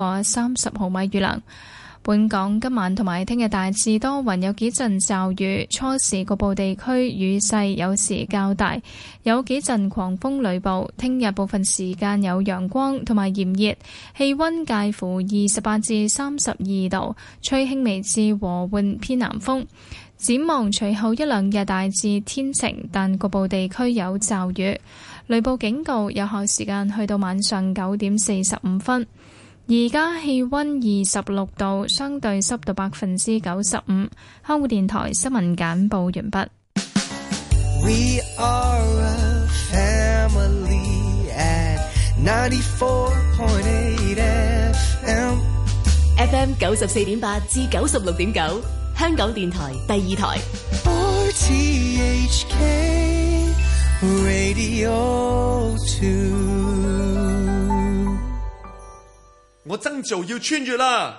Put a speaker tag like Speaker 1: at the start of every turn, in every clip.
Speaker 1: 過三十毫米雨量。本港今晚同埋聽日大致多雲，有幾陣驟雨，初時局部地區雨勢有時較大，有幾陣狂風雷暴。聽日部分時間有陽光同埋炎熱，氣溫介乎二十八至三十二度，吹輕微至和緩偏南風。展望隨後一兩日大致天晴，但局部地區有驟雨，雷暴警告有效時間去到晚上九點四十五分。而家氣溫二十六度，相對濕度百分之九十五。香港電台新聞簡報完畢。
Speaker 2: FM 九十四
Speaker 3: 點八至九十六點九，香港電台第二台。
Speaker 4: 我真做要穿越啦！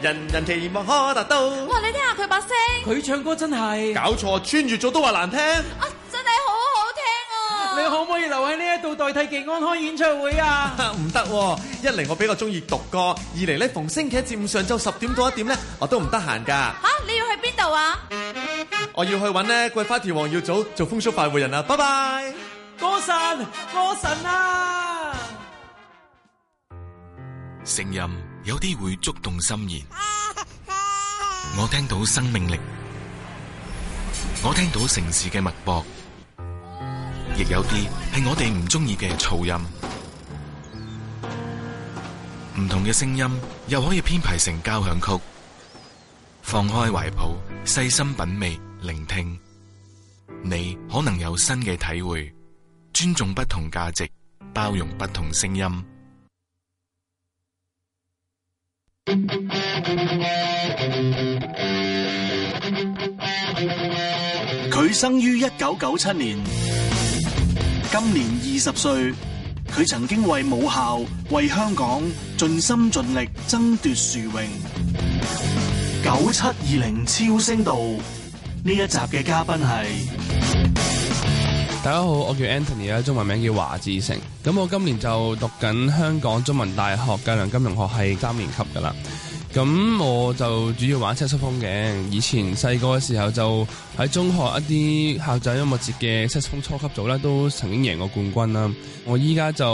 Speaker 4: 人人期望可達
Speaker 3: 到。哇，你聽下佢把聲，佢
Speaker 4: 唱歌真係。搞錯穿越咗都話難聽。啊，
Speaker 3: 真係好好聽啊！
Speaker 2: 你可唔可以留喺呢一度代替勁安開演唱會啊？
Speaker 4: 唔得、 啊，一嚟我比較中意獨歌，二嚟咧逢星期一至五上晝十點到一點咧，啊、我都唔得閒噶。
Speaker 1: 吓、啊，你要去邊度啊？
Speaker 4: 我要去揾咧桂花田黃耀祖做風騷快活人啦，拜拜。
Speaker 2: 歌神，歌神啊！
Speaker 4: 聲音有啲會觸動心弦，我聽到生命力，我聽到城市嘅脈搏，亦有啲係我哋唔中意嘅噪音。唔同嘅聲音又可以編排成交響曲。放開懷抱，細心品味，聆聽，你可能有新嘅體會。尊重不同價值，包容不同聲音。佢生於一九九七年，今年二十歲。佢曾經為母校、為香港盡心盡力爭奪殊榮。九七二零超聲道：「呢一集嘅嘉賓係……」
Speaker 5: 大家好，我叫 Anthony 啦，中文名叫華智誠。咁我今年就讀緊香港中文大學計量金融學系三年級㗎喇。咁我就主要玩色士風嘅，以前細個嘅時候就喺中學一啲校際音樂節嘅色士風初級組咧，都曾經贏過冠軍啦。我依家就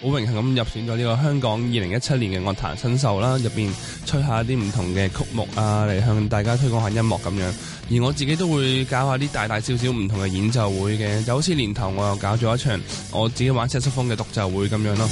Speaker 5: 好榮幸咁入選咗呢個香港二零一七年嘅樂壇新秀啦，入邊吹下啲唔同嘅曲目啊，嚟向大家推廣下音樂咁樣。而我自己都會搞下啲大大小小唔同嘅演奏會嘅，就好似年頭我又搞咗一場我自己玩色士風嘅獨奏會咁樣咯。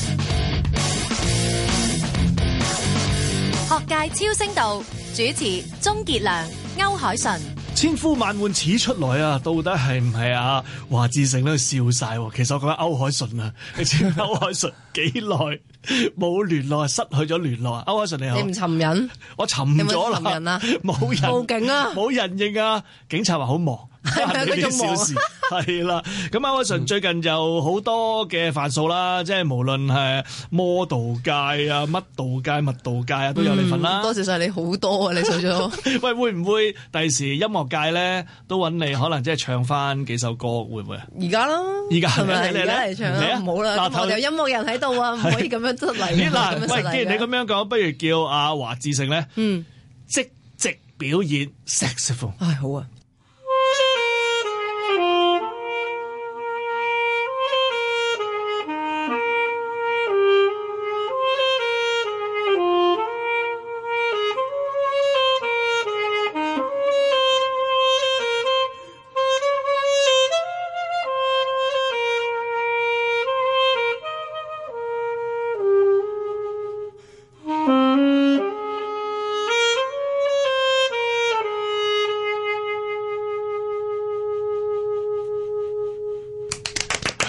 Speaker 3: 界超聲道主持鍾傑良、歐鎧淳，
Speaker 4: 千呼萬喚始出來啊！到底係唔係啊？華智誠都笑晒，其實我覺得歐鎧淳啊，你知歐鎧淳幾耐冇聯絡，失去咗聯絡。歐鎧淳你好，你唔尋人，我尋咗人啊，冇人，報
Speaker 3: 警啊，冇
Speaker 4: 人認啊，警察話好忙。係嗰啲小事，係啦。咁阿偉順最近又好多嘅飯數啦，即係無論係 model 界啊、乜道界、乜道界啊，都有你份啦。多謝晒你，好多啊！你做咗喂，會唔會第時音樂界咧都揾你？可能即係唱翻幾首歌，會唔會？而
Speaker 3: 家咯，而家係咪？而家嚟唱啊！唔好啦，嗱，我有音樂人喺度啊，唔可以咁樣出嚟。嗱，喂，既然你
Speaker 4: 咁樣講，不如叫阿華智誠咧，即席表演 saxophone。唉，好啊。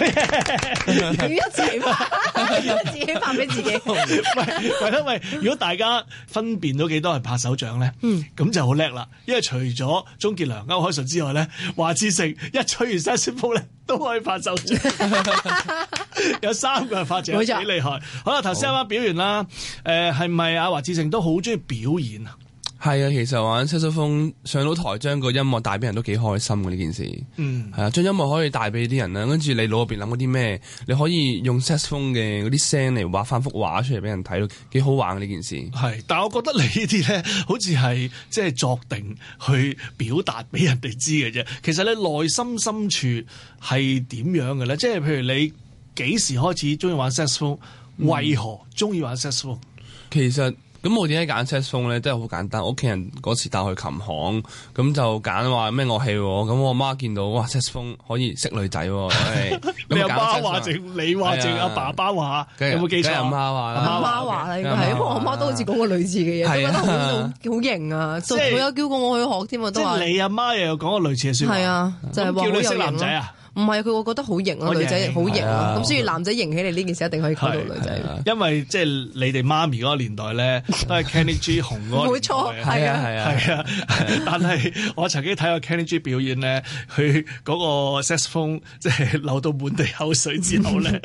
Speaker 3: 點一齊嘛？ 自己拍俾自己 喂，喂
Speaker 4: 喂喂！如果大家分辨到幾多係拍手掌咧，咁、嗯、就好叻啦。因為除咗鍾傑良、歐鎧淳之外咧，華智誠一吹完色士風咧都可以拍手掌， 有三個拍掌幾厲錯害。好啦，頭先啱啱表演啦，誒好，係咪阿華智誠都好中意表演啊？
Speaker 5: 係啊，其實玩色士風上到台，將個音樂帶俾人都幾開心嘅呢件事。嗯，係啊，將音樂可以帶俾啲人啊。跟住你腦入邊諗嗰啲咩，你可以用色士風嘅嗰啲聲嚟畫翻幅畫出嚟俾人睇咯，幾好
Speaker 4: 玩嘅呢件事。係，但係我覺得你呢啲咧，好似係即係作定去表達俾人哋知嘅啫。其實你內心深處係點樣嘅咧？即係譬如你幾時開始鍾意玩色士風？為何鍾意玩色士風？嗯
Speaker 5: 其實咁我點解揀 saxophone 咧，真係好簡單。屋企人嗰次帶去琴行，咁就揀話咩樂器喎。咁我媽見到哇 saxophone 可以識女仔，
Speaker 4: 你阿媽話你話淨阿爸爸話，有冇記錯？阿媽話，阿媽話
Speaker 3: 啦，應該係，因為我媽都好似講過類似嘅嘢，覺得好好型啊，即係佢有叫過我去學添啊，都係你
Speaker 4: 阿媽又有講過類似嘅說話，係啊，就係話好識男仔啊。
Speaker 3: 唔係佢會覺得好型啊。女仔型好型啊。咁所以男仔型起嚟呢件事一定可以溝到女仔。
Speaker 4: 因為即係你哋媽咪嗰個年代咧，都係 Kenny G 紅嗰啲。冇錯，係啊，係啊。係啊，但係我曾經睇過 Kenny G 表演咧，佢嗰個 saxophone 即係流到滿地口水之後咧，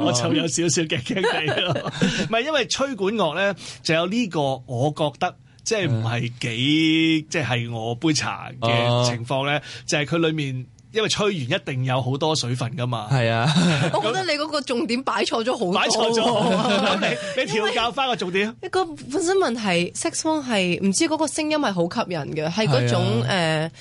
Speaker 4: 我就有少少嘅驚喜。唔係因為吹管樂咧，就有呢個我覺得即係唔係幾即係我杯茶嘅情況咧，就係佢裡面。因為吹完一定有好多水分噶嘛，係啊，
Speaker 3: 我覺得你嗰個重點擺錯咗好多，擺錯咗， 你
Speaker 4: 你調 教翻個重
Speaker 3: 點。個本身問題，saxophone 係唔知嗰個聲音係好吸引嘅，係嗰種誒、啊呃，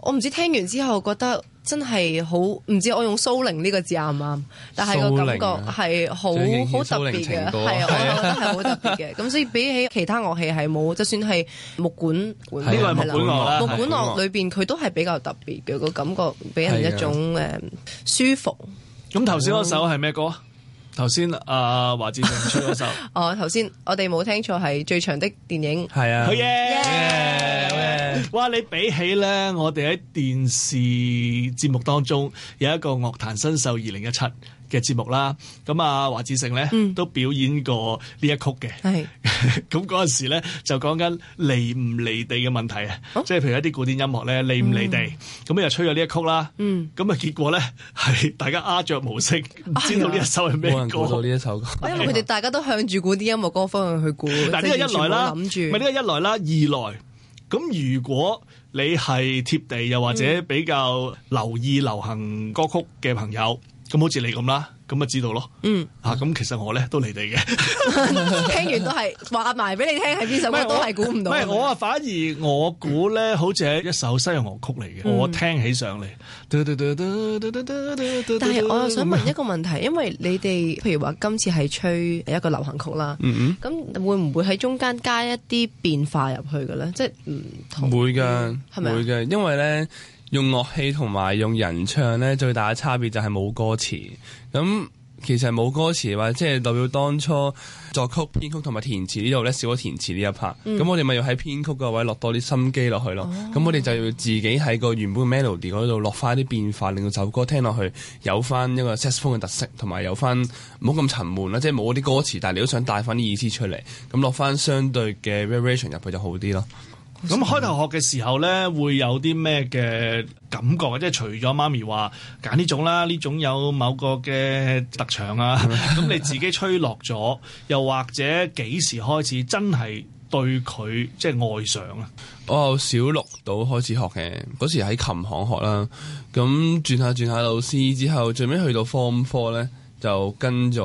Speaker 3: 我唔知聽完之後覺得。真係好唔知我用蘇寧呢個字啱唔啱？但係個感覺係好好特別嘅，係是、啊、我覺得係好特別嘅。咁 所以比起其他樂器係冇，就算係木管管，呢個係木管樂啦。吧會會木管樂裏邊，佢都係比較特別嘅個感覺，俾人一種誒是、啊嗯、舒服。
Speaker 4: 咁頭先嗰首係咩歌？頭先阿華智誠出嗰首，
Speaker 3: 哦頭先我哋冇聽錯係《最長的電影》，係啊，好嘢！好
Speaker 4: 嘢！
Speaker 3: 哇你比起
Speaker 4: 咧，我哋喺電視節目當中有一個樂壇新秀二零一七嘅節目啦，咁啊，華智誠咧都表演過呢一曲嘅。係咁嗰陣時咧，就講緊離唔離地嘅問題啊，即係譬如一啲古典音樂咧離唔離地咁，又吹咗呢一曲啦。嗯，咁啊，結果咧係大家鴉雀無聲，唔知道呢一首係咩歌。呢一首因為佢
Speaker 3: 哋大家都向住古典音樂嗰個方向去估。但係呢個一來啦，
Speaker 4: 唔係呢個一來啦，二來咁，如果你係貼地又或者比較留意流行歌曲嘅朋友。咁好似你咁啦，咁咪知道咯。嗯，啊，咁其實我咧都你哋嘅，
Speaker 3: 聽完都係話埋俾你聽係邊首歌都，都係估唔到。唔係我啊，我
Speaker 4: 反而我估咧，嗯、好似係一首西洋樂曲嚟嘅。嗯、我聽起上嚟，嗯、但係
Speaker 3: 我又想問一個問題，因為你哋麼譬如話今次係吹一個流行曲啦，咁、嗯嗯、會唔會喺中間加一啲變化入去嘅咧？即
Speaker 5: 係唔會噶的，係咪啊？會嘅，因為咧。用樂器同埋用人唱咧，最大嘅差別就係冇歌詞。咁其實冇歌詞話，即係代表當初作曲、編曲同埋填詞呢度咧少咗填詞呢一 part。咁我哋咪要喺編曲個位落多啲心機落去咯。咁我哋就要自己喺個原本 melody 嗰度落翻啲變化，令到首歌聽落去有翻一個 jazz 風嘅特色，同埋有翻冇咁沉悶啦。即係冇啲歌詞，但係你都想帶翻啲意思出嚟。
Speaker 4: 咁落翻相對嘅 variation 入去就好啲咯。咁開頭學嘅時候咧，會有啲咩嘅感覺啊？即係除咗媽咪話揀呢種啦，呢種有某個嘅特長啊，咁嗎 你自己吹落咗，又或者幾時開始真係對佢即係愛上啊？我由小六到開始學
Speaker 5: 嘅，嗰時喺琴行學啦，咁轉下轉下老師之後，最尾去到 form four 咧。就跟咗誒、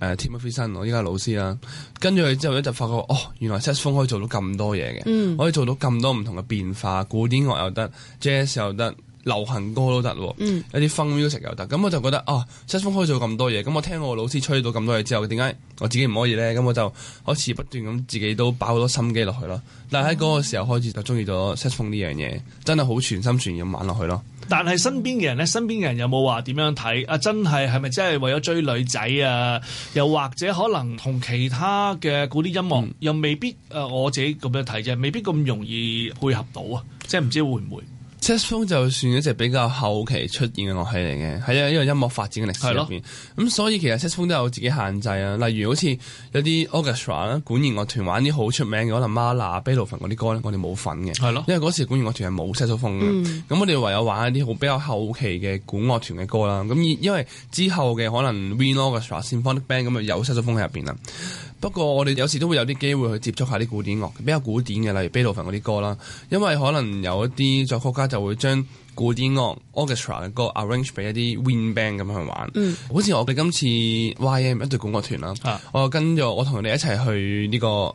Speaker 5: 呃、Timothy Sun 我依家老師啦，跟咗佢之後咧就發覺哦，原來 saxophone 可以做到咁多嘢嘅，嗯、可以做到咁多唔同嘅變化，古典樂又得，jazz 又得。流行歌都得喎，一啲 fun music 又得，咁、嗯、我就覺得哦色士風可以做咁多嘢，咁、嗯、我聽我老師吹到咁多嘢之後，點解我自己唔可以咧？咁、嗯、我就開始不斷咁自己都擺好多心機落去咯。但喺嗰個時候開始就中意咗色士風呢樣嘢，真係好全心全意咁玩落去咯。
Speaker 4: 但係身邊嘅人咧，身邊嘅人有冇話點樣睇？啊，真係係咪真係為咗追女仔啊？又或者可能同其他嘅嗰啲音樂、嗯、又未必誒、呃，我自己咁樣睇啫，未必咁容易配合到啊，即係唔知
Speaker 5: 會唔會？交響就算一隻比較後期出現嘅樂器嚟嘅，啊，一個音樂發展嘅歷史入邊。咁咯、嗯、所以其實交響都有自己限制啊，例如好似有啲 orchestra 啦，管樂團玩啲好出名嘅可能 Marla、b a e Luff 嗰啲歌咧，我哋冇份嘅。係咯，因為嗰時管樂團係冇交 e 嘅。咁、嗯嗯、我哋唯有玩一啲好比較後期嘅管樂團嘅歌啦。咁、嗯、因因為之後嘅可能 Vino r c h e s t r a s y m Band 咁啊有交響喺入邊啦。不過我哋有時都會有啲機會去接觸下啲古典樂，比較古典嘅，例如《悲悼》嗰啲歌啦。因為可能有一啲作曲家就會將古典樂 orchestra 嘅歌 arrange 俾一啲 wind band 咁去玩。嗯，好似我哋今次 Y.M 一隊管樂團啦，啊、我跟咗我同佢哋一齊去呢、這個。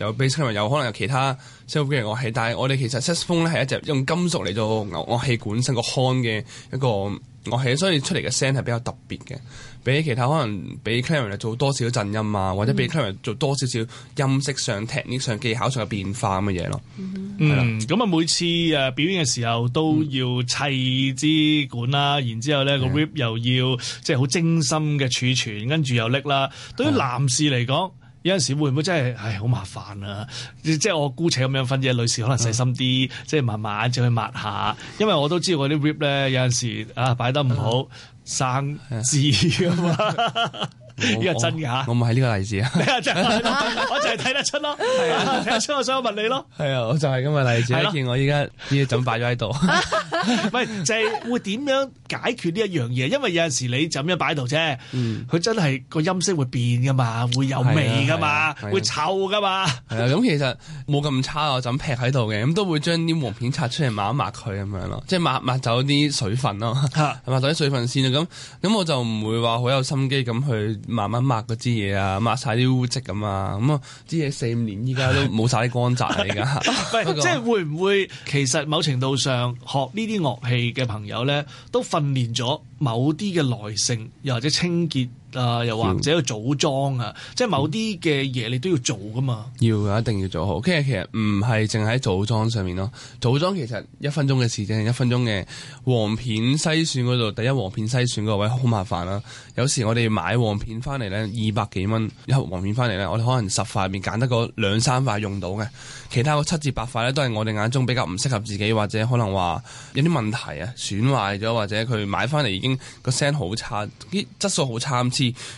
Speaker 5: 有比 clarinet，有可能有其他西方嘅樂器，但係我哋其實 saxophone 咧係一隻用金屬嚟做樂器管身個腔嘅一個樂器，所以出嚟嘅聲係比較特別嘅，比起其他可能比 clarinet 做多少震音啊，或者比 clarinet 做多少少音色上、technic 上技巧上嘅變化咁嘅嘢咯。
Speaker 4: 咁啊每次誒表演嘅時候都要砌支管啦，然之後咧個 rip 又要即係好精心嘅儲存，跟住又拎啦。對於男士嚟講。有陣時會唔會真係唉好麻煩啊！即係我姑且咁樣分嘅女士可能細心啲，嗯、即係慢慢就去抹下，因為我都知道啲 reed 咧有陣時啊擺得唔好、嗯、生字㗎嘛。 呢個真噶，我唔係呢個例子啊！我就係睇得出咯，睇得出，我想問你咯。係啊，我就係咁嘅例子。你見我依家呢啲枕擺咗喺度，喂，就係會點樣解決呢一樣嘢？因為有陣時你就咁樣擺度啫，佢真係個音色會變噶嘛，會有味噶嘛，會臭噶嘛。
Speaker 5: 係啊，咁其實冇咁差啊，枕劈喺度嘅，咁都會將啲簧片拆出嚟抹一抹佢咁樣咯，即係抹抹走啲水分咯，抹走啲水分先。咁咁我就唔會話好有心機咁去。慢慢抹嗰支嘢啊，抹晒啲污漬咁啊，咁啊，支嘢四五年依家都冇晒啲光澤啦，而家即係會
Speaker 4: 唔會？其實某程度上學呢啲樂器嘅朋友咧，都訓練咗某啲嘅耐性，又或者清潔。啊！又或者個組裝啊，Yeah. 即係某啲嘅嘢你都要做噶嘛，
Speaker 5: 要一定要做好。跟住，okay，其實唔係淨係組裝上面咯，組裝其實一分鐘嘅事情係一分鐘嘅黃片篩選度，第一黃片篩選個位好麻煩啦。有時我哋買黃片翻嚟咧，二百幾蚊一盒黃片翻嚟咧，我哋可能十塊入邊揀得嗰兩三塊用到嘅，其他個七至八塊咧都係我哋眼中比較唔適合自己，或者可能話有啲問題啊，損壞咗，或者佢買翻嚟已經個聲好差，啲質素好差。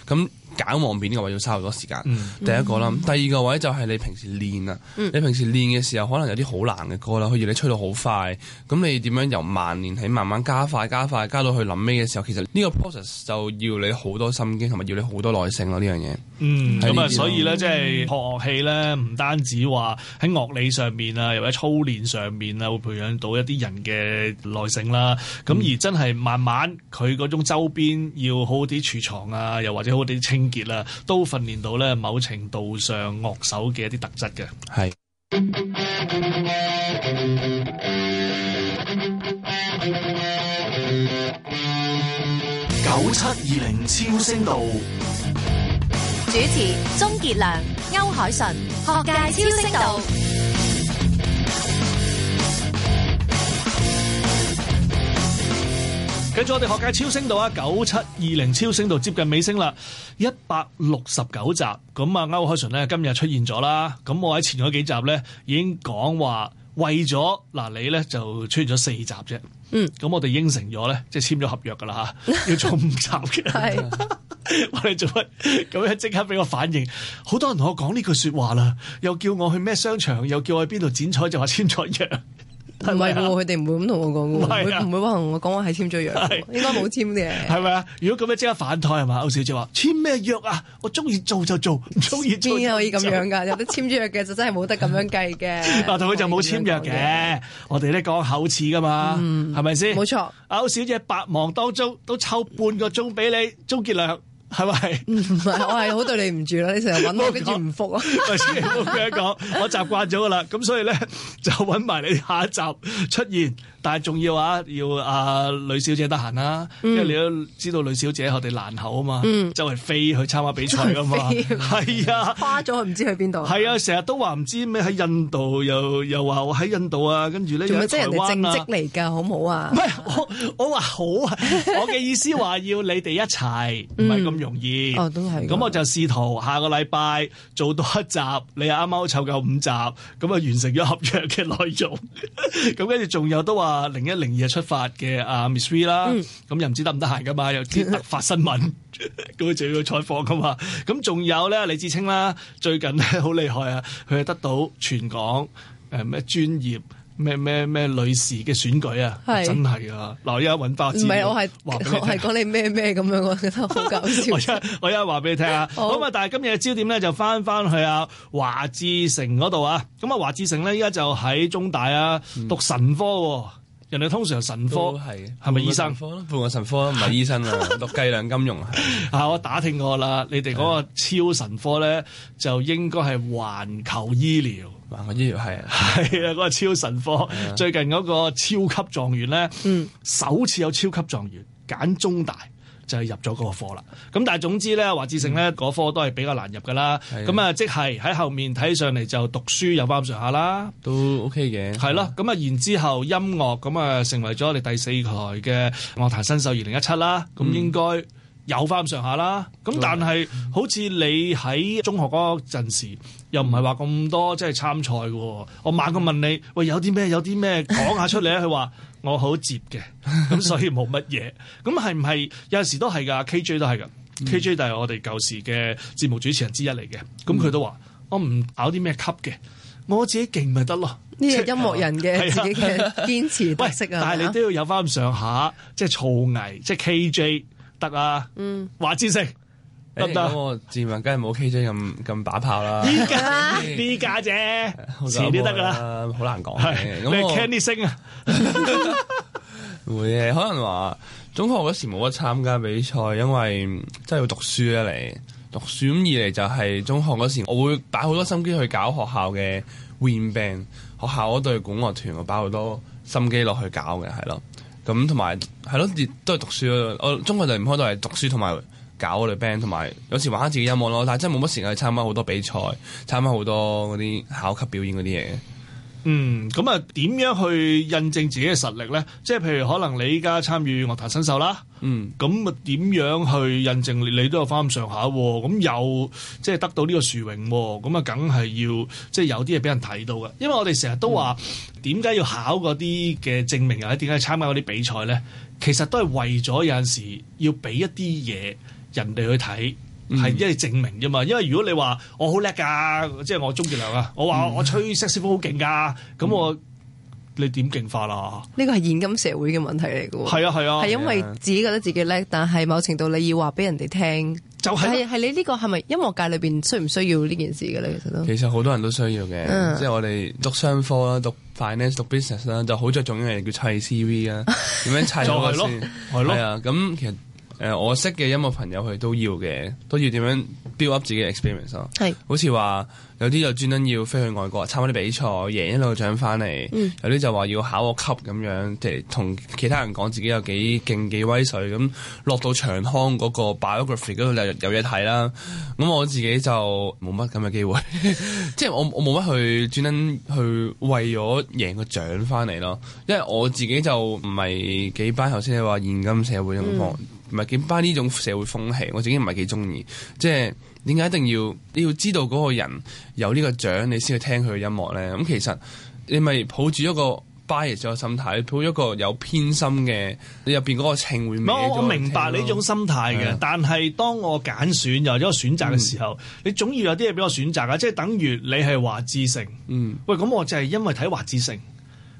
Speaker 5: 咁。搞忘片呢個位要嘥好多時間，嗯、第一個啦，嗯、第二個位就係你平時練啊。嗯、你平時練嘅時候，可能有啲好難嘅歌啦，要你吹到好快。咁你點樣由慢練起，慢慢加快，加快，加到去諗尾嘅時候，其實呢個 process 就要你好多心機同埋要你好多耐性咯呢樣嘢。嗯，咁啊，所以
Speaker 4: 咧、嗯、即係學樂器咧，唔單止話喺樂理上面啊，又喺操練上面啊，會培養到一啲人嘅耐性啦。咁、嗯嗯、而真係慢慢佢嗰種周邊要好啲儲藏啊，又或者好啲清。總啦，都訓練到咧某程度上樂手嘅一啲特質嘅是。係九七二零超聲道，
Speaker 3: 主持鍾杰良、歐鎧淳，學界超聲道。
Speaker 4: 咗我哋學界超聲道啊，九七二零超聲道接近尾聲啦，一百六十九集咁啊，歐鎧淳咧今日出現咗啦。咁我喺前嗰幾集咧已經講話為咗嗱你咧就出現咗四集啫。嗯，咁我哋應承咗咧即係簽咗合約噶啦吓，要做五集嘅。係 是，我哋 做乜咁樣即刻俾我反應？好多人同我講呢句說話啦，又叫我去咩商場，又叫我去邊度剪彩，就話簽合約。
Speaker 3: 唔係噶，佢哋唔會咁同我講噶，唔、啊、會唔會話同我講話係簽咗約，是應該冇簽嘅。
Speaker 4: 係咪啊？如果咁樣即刻反台係嘛？歐小姐話簽咩約啊？我中意做就做，唔中意做邊可以咁樣
Speaker 3: 噶？ 有得簽咗約嘅就真係冇得咁樣計嘅。白頭， 佢就冇簽約嘅，
Speaker 4: 我哋咧講口齒噶嘛，係咪先？冇錯。歐錯小姐百忙當中都抽半個鐘俾你，鍾傑良。係咪？
Speaker 3: 唔係，我係好對你唔住啦！你成日揾我，跟住唔覆啊！我講，
Speaker 4: 我習慣咗噶啦，咁所以咧就揾埋你下一集出現。但係仲要啊，要阿女小姐得閒啦，因為你都知道女小姐我哋難口啊嘛，嗯、周圍飛去參加比賽噶嘛，
Speaker 3: 係 啊，花咗唔知去邊度？係啊，
Speaker 4: 成日、啊、都話唔知咩喺印，印度，又又話我喺印度啊，跟住咧即係人哋正職
Speaker 3: 嚟㗎？好唔好啊？我我話好啊， 我嘅
Speaker 4: 意思話要你哋一齊唔係咁容易， 嗯哦、都係。咁我就試圖下個禮拜做多一集，你啱啱湊夠五集，咁啊完成咗合約嘅內容。咁跟住仲有都話。啊零一零二啊出發嘅啊 Miss t 啦，咁、呃嗯、又唔知得唔得閒噶嘛？有啲突發新聞，咁啊就要採訪噶嘛。咁仲有咧李志清啦，最近咧好厲害啊，佢係得到全港誒咩專業咩咩咩女士嘅選舉啊，是真係啊，嗱我而家揾返唔係我係，我講
Speaker 3: 你咩咩咁樣，我覺得好搞
Speaker 4: 笑。 我，我一我一話俾你聽啊，好啊！但係今日嘅焦點咧就翻翻去阿華智誠嗰度啊。咁啊，華智誠咧依家就喺中大啊讀神科。嗯人哋通常神科係，係咪醫生？科咯，半個神科唔係醫生啊，讀計 量金融啊。啊， 我打聽過啦，你哋嗰個超神科咧就應該係環球醫療。環球醫療係啊，係啊，嗰、嗰個超神科的最近嗰個超級狀元咧，嗯、首次有超級狀元揀中大。就係入咗嗰個課啦，咁但係總之咧，華智誠咧嗰科都係比較難入噶啦，咁啊是的 即係喺後面睇上嚟就讀書有包上下啦，都 OK 嘅。係咯，咁啊然之後音樂咁啊成為咗我哋第四台嘅樂壇新秀二零一七啦，咁應該。嗯有翻咁上下啦，咁但係好似你喺中學嗰陣時，又唔係話咁多即係參賽嘅。我猛咁問你喂，有啲咩有啲咩講下出嚟？佢話 我好接嘅，咁、嗯、所以冇乜嘢。咁係唔係有陣時都係噶？KJ 都係噶。嗯、KJ 就係我哋舊時嘅節目主持人之一嚟嘅。咁、嗯、佢、嗯、都話我唔搞啲咩級嘅，我自己勁咪得咯。呢個音樂人嘅自己嘅堅持特色啊。但係你都要有翻咁上下，即係造詣，即、就、係、是、KJ。得啊，嗯，華智誠得，得，咁、欸、我
Speaker 5: 自問梗係冇 KJ 咁咁把炮啦，
Speaker 4: 而家而家啫，
Speaker 5: 遲啲得㗎啦，
Speaker 4: 好難講嘅。咁是我你 Candy 星啊？
Speaker 5: 會嘅，可能話中學嗰時冇乜參加比賽，因為真係要讀書啊嚟，讀書咁二嚟就係中學嗰時，我會擺好多心機去搞學校嘅 wind band，學校嗰隊管樂團，我擺好多心機落去搞嘅，係咯。咁同埋係咯，都係讀書咯。我中學就唔開，都係讀書同埋搞我哋 band，同埋有，有時玩下自己音樂咯。但係真係冇乜時間去參加好多比賽，參加好多嗰啲考級表演嗰啲嘢。
Speaker 4: 嗯，咁啊，點樣去印證自己嘅實力咧？即係譬如可能你依家參與樂壇新秀啦，嗯，咁啊，點樣去印證你都有翻咁上下？咁又即係得到呢個殊榮，咁、嗯、啊，梗係要即係有啲嘢俾人睇到嘅。因為我哋成日都話，點解要考嗰啲嘅證明，又點解參加嗰啲比賽咧？其實都係為咗有陣時要俾一啲嘢人哋去睇。係，因為證明啫嘛。因為如果你話我好叻噶，即係我鍾傑良啊，我話我吹 saxophone 好勁噶，咁我你點勁法啦？
Speaker 3: 呢個係現今社會嘅問題嚟嘅。係啊，係啊。係因為自己覺得自己叻，但係某程度你要話俾人哋聽，就係係你呢個係咪音樂界裏邊需唔需要呢件事嘅咧？其實都其
Speaker 5: 實好多人都需要嘅，即係我哋讀商科啦，讀 finance、讀 business 啦，就好在仲有人叫砌 CV 啊，點樣砌嗰個係咯，咁其實。誒，我識嘅音樂朋友佢都要嘅，都要點樣 build up 自己嘅 experience 咯是。係，好似話有啲就專登要飛去外國參加啲比賽，贏一路獎翻嚟。嗯、有啲就話要考個級咁樣，即係同其他人講自己有幾勁幾威水。咁落到長康嗰個 biography 嗰度有有嘢睇啦。咁我自己就冇乜咁嘅機會， 即係我我冇乜去專登去為咗贏個獎翻嚟咯。因為我自己就唔係幾班頭先你話現今社會咁放。嗯唔係見巴呢種社會風氣，我自己唔係幾中意。即係點解一定要你要知道嗰個人有呢個獎，你先去聽佢嘅音樂咧？咁其實你咪抱住一個 bias 咗嘅心態，抱一個有偏心嘅你入邊嗰個稱。唔係，我明白你呢種心
Speaker 4: 態嘅，的但係當我揀選，選或者咗選擇嘅時候，嗯、你總要有啲嘢俾我選擇㗎。即係等於你係華智誠，嗯，喂，咁我就係因為睇華智誠。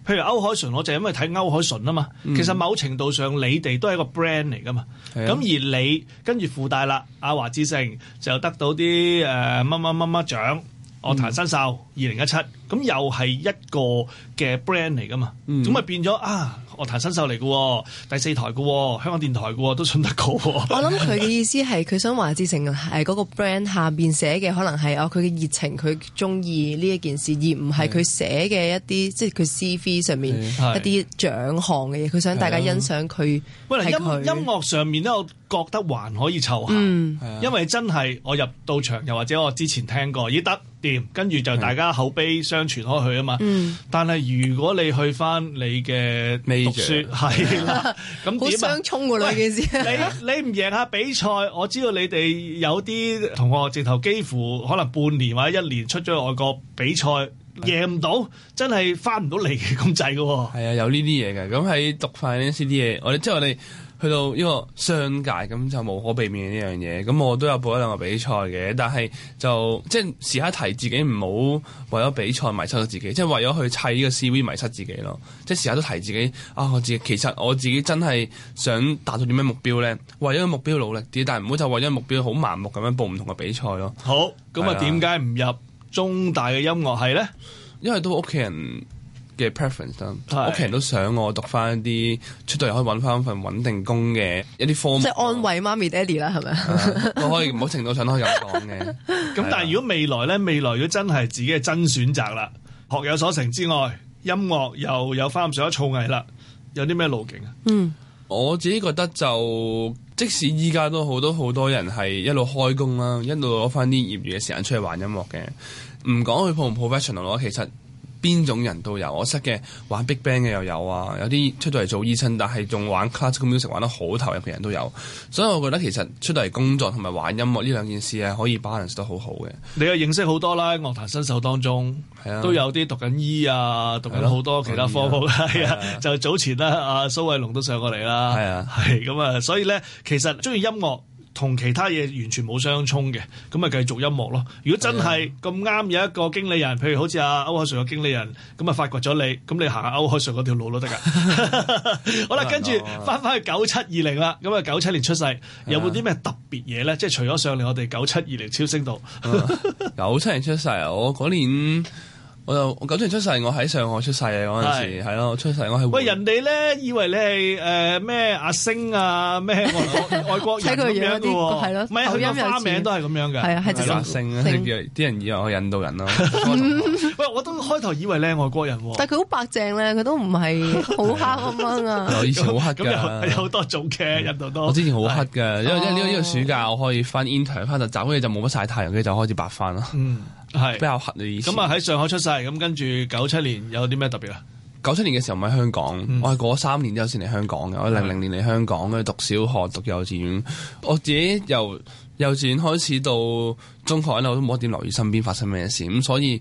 Speaker 4: 譬如歐鎧淳，我就係因為睇歐鎧淳啊嘛，其實某程度上你哋都係一個 brand 嚟噶嘛，咁、嗯、而你跟住附帶啦，阿、啊、華智誠就得到啲誒乜乜乜乜獎，樂壇新秀二零一七，咁又係一個嘅 brand 嚟噶嘛，咁咪、嗯、變咗啊。我樂壇新秀嚟嘅，第四台嘅香港電台嘅都信得過。我諗佢嘅
Speaker 3: 意思係佢 想華智誠係嗰個 brand 下邊寫嘅，可能係哦佢嘅熱情，佢中意呢一件事，而唔係佢寫嘅一啲是即係佢 CV 上面是一啲獎項嘅嘢。佢想大家欣賞佢。喂、啊，音他音
Speaker 4: 樂上面咧，我覺得還可以湊合，嗯啊、因為真係我入到場，又或者我之前聽過，咦得掂，跟住就大家口碑相傳開去啊嘛。嗯、但係如果你去翻你嘅讀書係啦，咁點 的 啊？好相
Speaker 3: 沖噶啦件事。
Speaker 4: 你你唔贏下比賽，我知道你哋有啲同學直頭幾乎可能半年或者一年出咗外國比賽，贏唔到，真係翻唔到嚟咁滯噶。係啊，有呢啲嘢嘅。咁喺讀快呢啲嘢，
Speaker 5: 我哋即係我哋。去到呢個商界咁就無可避免呢樣嘢，咁我都有報一兩個比賽嘅，但係就即係時刻提自己唔好為咗比賽迷失咗自己，即係為咗去砌呢個 CV 迷失自己咯。即係時刻都提自己啊，我自己其實我自己真係想達到啲咩目標咧，為咗個目標努力啲，但係唔好就為咗目標好盲目咁樣報唔同嘅比賽咯。好，咁啊點解唔入中大嘅音樂系咧？因為都屋企人嘅 preference 啦，屋企是人都想我讀翻一啲出到嚟可以揾翻一份穩定工嘅一啲科目，即係
Speaker 3: 安慰媽咪爹哋啦，係咪
Speaker 5: 我可以某程度上
Speaker 4: 都可以咁講嘅。咁 的但係如果未來咧，未來如果真係自己嘅真選擇啦，學有所成之外，音樂又有翻咁上下嘅造詣啦，有啲咩路徑啊？
Speaker 5: 嗯，我自己覺得就即使依家都好多好多人係一路開工啦，一路攞翻啲業餘嘅時間出去玩音樂嘅，唔講佢 pro 唔 professional 咯，其實。邊種人都有，我識嘅玩 big band 嘅又有啊，有啲出到嚟做醫生，但係仲玩 classical music 玩得好投入嘅人都有，所以我覺得其實出到嚟工作同埋玩音樂呢兩件事啊，可以 balance 得好好嘅。
Speaker 4: 你又認識好多啦，樂壇新秀當中係啊，都有啲讀緊醫啊，讀緊好多其他科目嘅，係啊，啊啊 就早前啦，阿蘇偉龍都上過嚟啦，係啊，係咁啊，所以咧，其實中意音樂。同其他嘢完全冇相衝嘅，咁咪繼續音樂咯。如果真係咁啱有一個經理人，的譬如好似阿歐海尚嘅經理人，咁啊發掘咗你，咁你行下歐海尚嗰條路都得㗎。 好啦，嗯、跟住翻返去九七二零啦。咁啊、嗯，九七年出世的有冇啲咩特別嘢咧？即係除咗上嚟我哋九七二零超星度，
Speaker 5: 九七、嗯、 年出世我嗰年。我就九七年出世，我喺上海出世嗰陣時，係咯出世我係。喂，
Speaker 4: 人哋咧以為你係誒咩阿星啊咩外國睇佢樣嘅喎，係咯。唔係啊，佢花名都係咁樣嘅。係啊，係即係啲人以為我印度人咯。喂，我都開頭以為你係外國人喎。
Speaker 3: 但係佢好白淨咧，佢都唔係好黑咁樣啊。我以前好黑㗎。咁
Speaker 4: 有好多做嘅印度多。我之前好黑㗎，
Speaker 5: 因為因為呢個暑假我可以翻 intern 翻實習，就冇乜晒太陽，跟住就開始白翻啦。嗯，
Speaker 4: 係比較
Speaker 5: 黑嘅意思。咁啊喺上
Speaker 4: 海出世。係咁，跟住九七年有啲咩特別啊？
Speaker 5: 九七年嘅時候唔喺香港，我係過咗三年之後先嚟香港嘅。我零零年嚟香港咧，讀小學、讀幼稚園。我自己由幼稚園開始到中學咧，我都冇一點留意身邊發生咩事。咁所以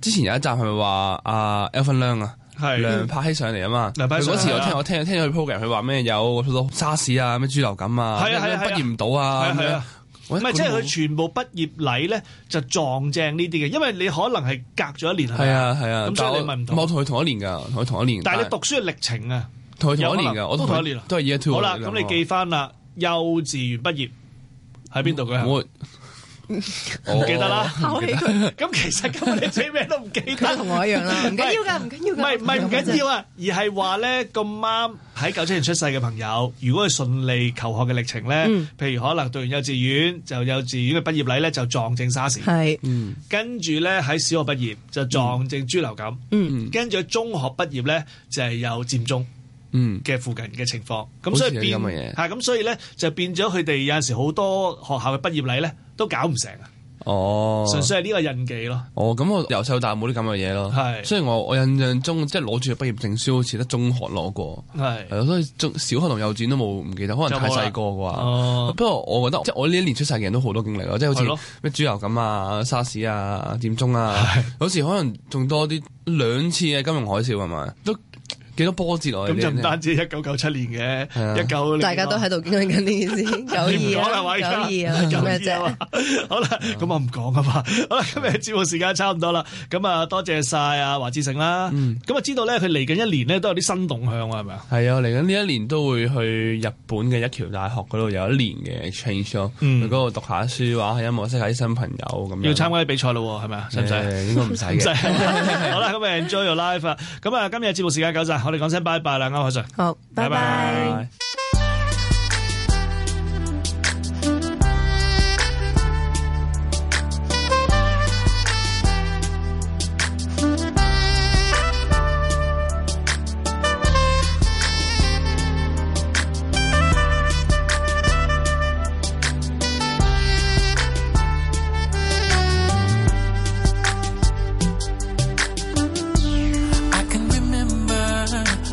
Speaker 5: 之前有一集係咪話啊 Elvin 梁啊，梁柏熙上嚟啊嘛。嗰的時我聽的我聽我聽佢 program，佢話咩有好多沙士啊，咩豬流感啊，的的畢業唔到啊。的
Speaker 4: 唔係，即係佢全部畢業禮咧就撞正呢啲嘅，因為你可能係隔咗一年係啊係啊，咁所以你問唔到。
Speaker 5: 我同佢同一年㗎，同佢同一年。但係你讀
Speaker 4: 書嘅歷程啊，
Speaker 5: 同佢同一年㗎，我同佢都係同一年。好啦，咁你記
Speaker 4: 翻啦，幼稚園畢業喺邊度嘅？唔記得啦，考起佢。咁其實今日你整咩都唔記得，同我一樣啦。唔緊要噶，唔緊要。唔係唔係唔緊要啊，而係話咧，咁啱喺九七年出世嘅朋友，如果係順利求學嘅歷程咧，譬如可能讀完幼稚園就幼稚園嘅畢業禮咧就撞正沙士，
Speaker 3: 係，
Speaker 4: 跟住咧喺小學畢業就撞正豬流感，跟住中學畢業咧就係有佔中，嘅附近嘅情況，咁所以變吓，咁所以咧就變咗佢哋有陣時好多學校嘅畢業禮咧。
Speaker 5: 都搞唔成啊！哦，純粹
Speaker 4: 係
Speaker 5: 呢個印記咯。哦，咁我由細到大冇啲咁嘅嘢咯。係是，雖然我我印象中即係攞住個畢業證書，好似得中學攞過。係是，係咯，嗯，所以中小學同幼稚園都冇唔記得，可能太細個啩。哦，不過我覺得即係我呢一年出世嘅人都好多經歷咯，即係好似咩豬流感啊、沙士啊、佔中啊，有時可能仲多啲兩次嘅金融海嘯係咪？都。 一個波折來咁就唔單
Speaker 4: 止一九九七年嘅
Speaker 5: 一九，
Speaker 3: 大家都喺度講緊呢件事。你唔講啦，華仔，唔好啫。
Speaker 4: 好啦，咁我唔講啊嘛。好啦，今日節目時間差唔多啦。咁啊，多謝晒啊，華智誠啦。咁啊，知道咧，佢嚟緊一年咧都有啲新動向啊，係咪啊？
Speaker 5: 係啊，嚟緊呢一年都會去日本嘅一橋大學嗰度有一年嘅 exchange 咯。嗯，去嗰度讀下書，玩喺音
Speaker 4: 樂室，識下啲新朋友咁要參加啲比賽咯，係咪使唔使？應該唔使好啦，咁啊，enjoy your life 啊。咁啊，今日節目時間夠晒。我哋講聲拜拜啦，歐鎧淳。好，拜拜。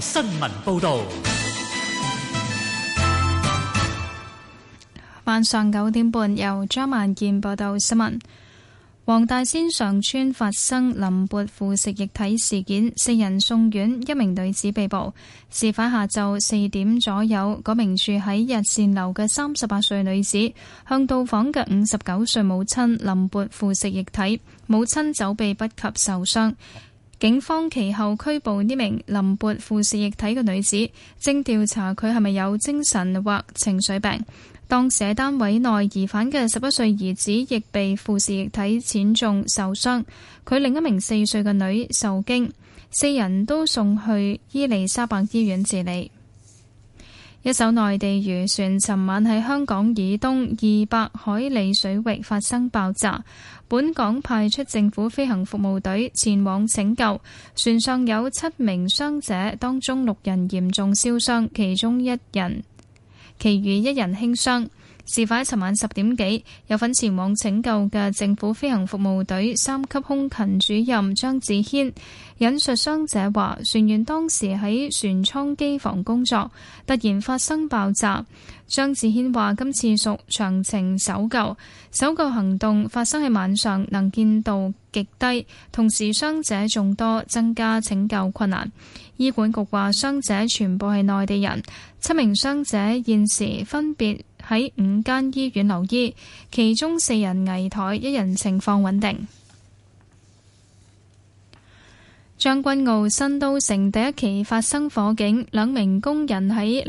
Speaker 4: 新聞報道。
Speaker 1: 晚上九點半，由張萬健報道新聞。黃大仙上村發生淋潑腐蝕液體事件，四人送院，一名女子被捕。事發下晝四點左右，嗰名住喺日善樓嘅三十八歲女子向到訪嘅五十九歲母親淋潑腐蝕液體，母親走避不及受傷。警方其後拘捕呢名淋潑腐蝕液體嘅女子，正調查佢係咪有精神或情緒病。當時在單位內疑犯嘅十一歲兒子亦被腐蝕液體濺中受傷，佢另一名四歲嘅女受驚，四人都送去伊利沙伯醫院治理。一艘內地漁船尋晚喺香港以東二百海里水域發生爆炸。本港派出政府飛行服務隊前往拯救，船上有七名傷者，當中六人嚴重燒傷，其中一人，其餘一人輕傷。事發尋晚十點幾，有份前往拯救嘅政府飛行服務隊三級空勤主任張子軒引述傷者話，船員當時喺船艙機房工作，突然發生爆炸。張志軒話：今次屬長程搜救，搜救行動發生喺晚上，能見度極低，同時傷者眾多，增加拯救困難。醫管局話，傷者全部係內地人，七名傷者現時分別喺五間醫院留醫，其中四人危殆，一人情況穩定。將軍澳新都城第一期發生火警，兩名工人喺冷。